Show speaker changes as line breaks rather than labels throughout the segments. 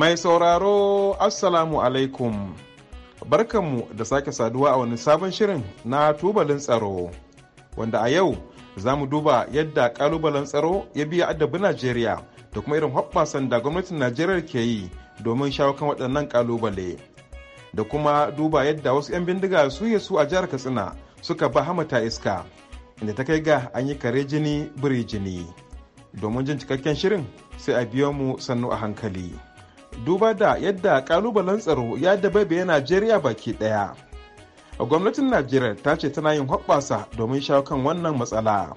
Mai sauraro Assalamu alaikum. Barkanmu da sake saduwa a wani sabon shirin na tubalin tsaro, wanda a yau za mu duba yadda kalubalen tsaro ya biya addabi Najeriya da kuma irin hoɓɓasan da gwamnatin Najeriya ke yi domin shawo kan waɗannan kalubale. Da kuma duba yadda wasu 'yan bindiga su ya su a jihar Katsina suka ba hamata iska, inda ta kai ga an yi kare jini biri jini. Domin jin cikakken shirin sai a biyo mu sannu a hankali. duba da yadda kalubalen tsaro ya dabaibaye najeriya baki daya gwamnatin najeriya ta ce tana yin hoɓɓasa domin shawo kan wannan matsala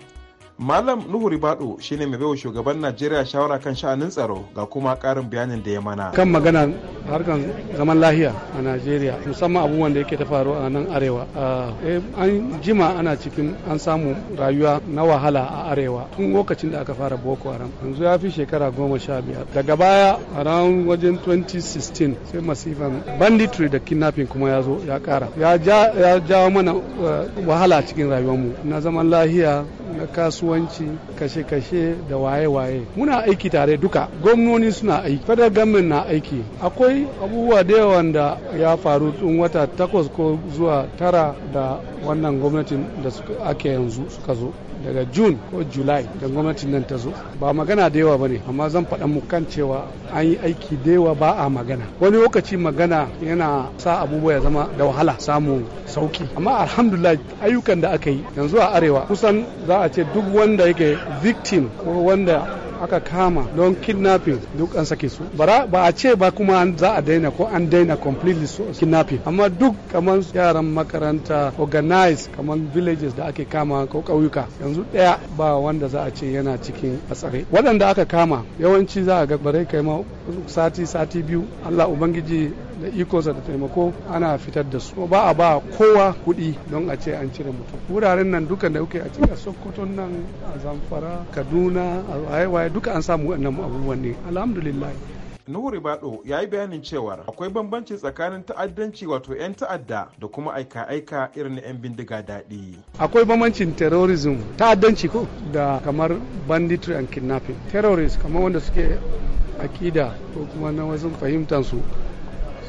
Malam Nuhu Ribado shine mai baiwa shugaban Najeriya shawara kan sha'anin tsaro ga kuma karin bayanin da ya mana. Kan magana
harkan zaman lahiya a Najeriya musamman abubuwan da yake ta faru a nan arewa. Ah, eh, an jima ana cikin an samu rayuwa na wahala a arewa tun lokacin da aka fara Boko Haram. Yanzu ya fi shekara goma sha biyar. Daga baya a wajen 2016 sai masifan banditry da kidnapping kuma ya zo ya kara. Ya jawo mana ah, wahala cikin rayuwar mu na zaman lahiya na kasuwanci kashe-kashe da waye-waye muna aiki tare duka gwamnoni suna aiki federal government na aiki akwai abubuwa da yawan da ya faru tun wata takwas ko zuwa tara da wannan gwamnatin da ake yanzu suka zo daga june ko july da gwamnatin nan ta zo ba magana da yawa ba ne amma zan faɗa mu kan cewa an yi aiki da yawa ba a magana wani lokaci magana yana sa abubuwa ya zama da wahala samun sauki amma alhamdulillah ayyukan da aka yi yanzu a arewa kusan za a ce duk wanda yake victim ko wanda aka kama don kidnapping duk an sake su bara ba a ce ba kuma za a daina ko an daina completely so kidnapping amma duk kamar yaran makaranta organized kamar villages da ake kama ko ƙauyuka yanzu ɗaya ba wanda za a ce yana cikin tsare waɗanda aka kama yawanci za a ga bare kai ma sati sati biyu Allah ubangiji da ikonsa da taimako ana fitar da su ba a ba kowa kuɗi don a ce an cire mutum wuraren nan dukan da kuke a cikin sokoton nan a zamfara kaduna a waye duka an samu wannan abubuwan ne alhamdulillah
Nuhu Ribado ya yi bayanin cewar akwai bambanci tsakanin ta'addanci wato 'yan ta'adda da kuma aika-aika irin 'yan bindiga daɗi.
Akwai bambancin terrorism ta'addanci ko da kamar banditry and kidnapping. Terrorist kamar wanda suke akida ko kuma na wasu fahimtansu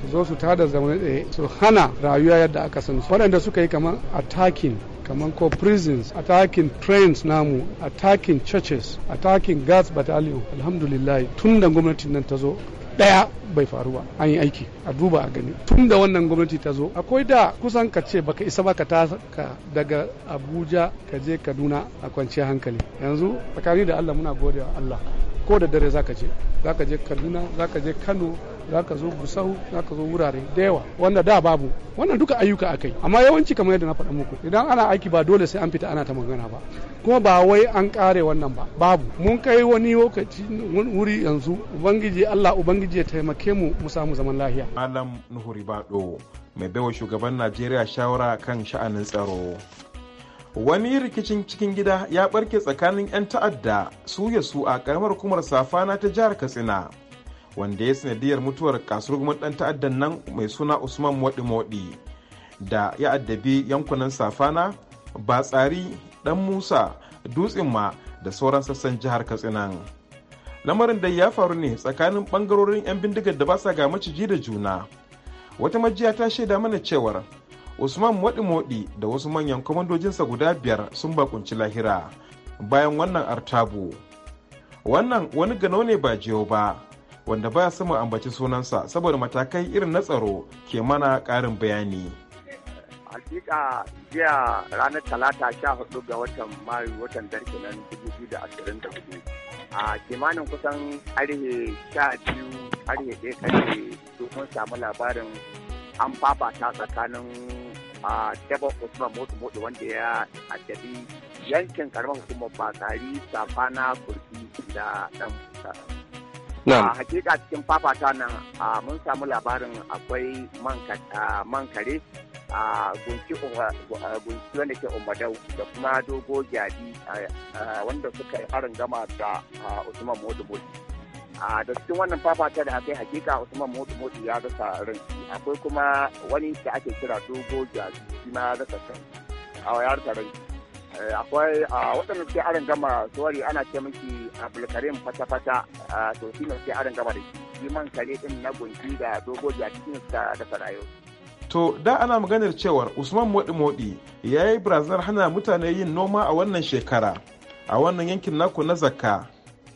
su zo su tada zaune ɗaya su hana rayuwa yadda aka san su waɗanda suka yi kamar attacking kamar ko prisons attacking trains namu attacking churches attacking guards battalion alhamdulillah tun da gwamnatin nan ta zo ɗaya bai faru ba an yi aiki a duba a gani tun da wannan gwamnati ta zo akwai da kusan ka ce baka isa ba ka daga abuja ka je kaduna a kwanciyar hankali yanzu tsakani da allah muna gode wa allah ko da dare za ka je za ka je kaduna za ka je kano za ka zo gusau za ka zo wurare da yawa wanda da babu wannan duka ayyuka akai amma yawanci kamar yadda na faɗa muku idan ana aiki ba dole sai an fita ana ta magana ba kuma ba wai an kare wannan ba babu mun kai wani lokaci wuri yanzu ubangiji Allah ubangiji ya taimake mu mu samu zaman lafiya
malam nuhuri bado mai baiwa shugaban Najeriya shawara kan sha'anin tsaro wani rikicin cikin gida ya barke tsakanin 'yan ta'adda su ya su a karamar kumar safana ta jihar katsina wanda ya sanadiyar mutuwar gumin dan ta'addan nan mai suna usman moɗi-moɗi da ya addabi yankunan safana ba tsari, dan musa dutsen ma da sauran sassan jihar Katsina. lamarin da ya faru ne tsakanin ɓangarorin 'yan bindigar da ba sa ga maciji da juna wata majiya ta shaida mana cewar usman moɗi-moɗi da wasu manyan kwamandojinsa guda biyar sun bakunci lahira bayan wannan artabu wannan wani gano ne ba jiyo ba wanda baya son mu ambaci sunansa saboda matakai irin na tsaro ke mana ƙarin bayani.
Hakika jiya ranar talata sha hudu ga watan mayu watan darki nan dubu biyu da ashirin da hudu. A kimanin kusan arihe sha biyu arihe ɗaya ƙarfe domin samu labarin an fafata tsakanin a Debo Usman Motsu Motsu wanda ya addabi yankin karamar hukumar Bakari Safana Kurki da ɗan a hakika cikin fafata nan mun samu labarin akwai mankare kare a gunki wanda ke umadau da kuma dogo gyadi wanda suka yi harin gama da usman modubul da cikin wannan fafata da akai hakika usman modubul ya rasa rin akwai kuma wani da ake kira dogo gyadi shi ma rasa rin Eh, akwai a ah, waɗanda suke arin gama tsori ana ce miki abulkarim fata-fata ah, to shi ne suke arin gama da shi man kare din na gunki da dogo a cikin da sarayo
to da ana maganar cewar usman moɗi moɗi ya yi barazanar hana mutane yin noma a wannan shekara a wannan yankin naku na zakka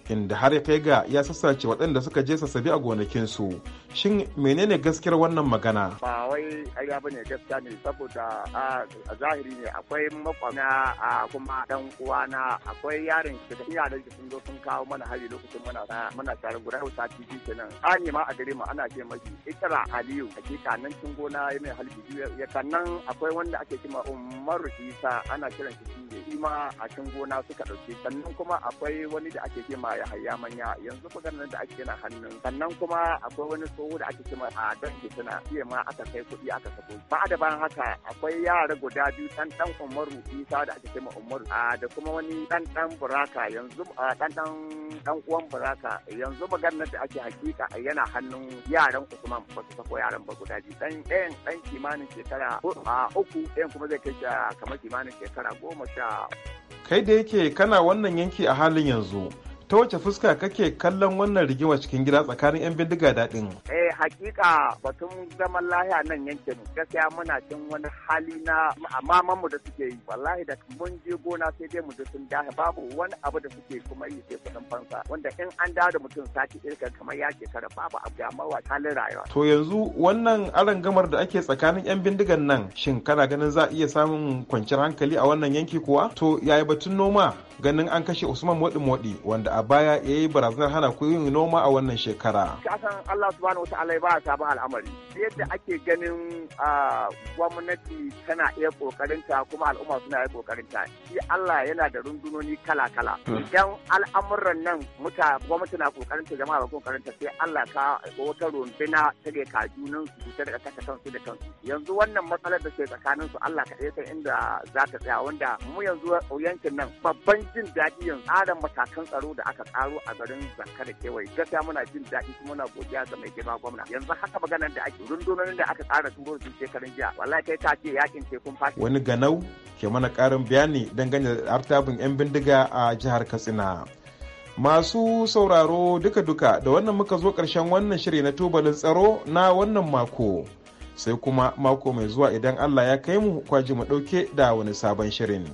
inda har ya kai ga ya sassace waɗanda suka je sassabi a gonakinsu Shin menene gaskiyar wannan magana?
Ba wai ƙarya ba ne gaskiya ne saboda a zahiri ne akwai makwana a kuma dan uwana akwai yaron shi da iyalan shi sun zo sun kawo mana hari lokacin muna muna tare guda hausa tv kenan. Ani ma a gare mu ana ce maji ikira Aliyu hakika kanan cin gona ya mai halbi ya kanan akwai wanda ake kima umar Isa ana kiran shi Tunde shi a cin gona suka ɗauke sannan kuma akwai wani da ake kima ya hayya manya yanzu maganar da ake na hannun sannan kuma akwai wani tsoho da ake cewa a dangi tana iya ma aka kai kuɗi aka sako ba da ban haka akwai yara guda biyu ɗan dan umaru isa da ake cima umaru da kuma wani dan dan buraka yanzu a dan dan dan uwan buraka yanzu maganar da ake hakika yana hannun yaran usman ba su sako yaran ba guda biyu dan ɗayan dan kimanin shekara a uku ɗayan kuma zai kai kamar kimanin shekara goma sha
kai da yake kana wannan yanki a halin yanzu ta wace fuska kake kallon wannan rigima cikin gida tsakanin 'yan bindiga daɗin?
Eh hakika batun zaman lahiya nan yankin gaskiya muna cin wani hali na amamanmu da suke yi wallahi da mun je gona sai dai mu sun dahe babu wani abu da suke kuma yi sai kuɗin fansa wanda in an dawo da mutum sati irka kamar ya ke kara, babu abu ya mawa halin rayuwa.
To yanzu wannan gamar da ake tsakanin 'yan bindigan nan shin kana ganin za a iya samun kwanciyar hankali a wannan yanki kuwa? To yaya batun noma ganin an kashe Usman Moɗi-Moɗi wanda a baya ya yi barazanar hana ku yin noma a wannan shekara.
Kasan Allah subhanahu wa ta'ala ba sabon al'amari. Yadda ake ganin gwamnati tana iya kokarinta kuma al'umma suna iya ta Shi Allah yana da rundunoni kala-kala. Hmm. Idan al'amuran nan muta gwamnati na ta jama'a ba kokarinta sai Allah ka wata na ta ga kajunan su ta daga kasa kansu da kansu. Yanzu wannan matsalar da ke tsakanin su Allah ka san inda za ta tsaya wanda mu yanzu yankin nan babban jin daɗi yanzu tsarin matakan tsaro da aka karo a garin Zanka da kewaye gaskiya muna jin daɗi kuma muna godiya ga mai girma gwamna yanzu haka maganar da ake rundunonin da aka tsara turo su shekarun jiya wallahi kai ta ce yakin tekun fata wani
ganau ke mana ƙarin bayani dangane da artabin 'yan bindiga a jihar Katsina masu sauraro duka-duka da wannan muka zo karshen wannan shiri na tubalin tsaro na wannan mako sai kuma mako mai zuwa idan allah ya kai mu kwaji mu ɗauke da wani sabon shirin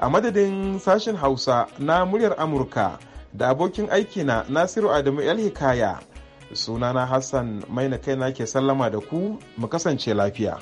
a madadin sashen hausa na muryar amurka da abokin aikina Nasiru Adamu yal Hikaya. Sunana Hassan maina kaina ke sallama da ku mu kasance lafiya.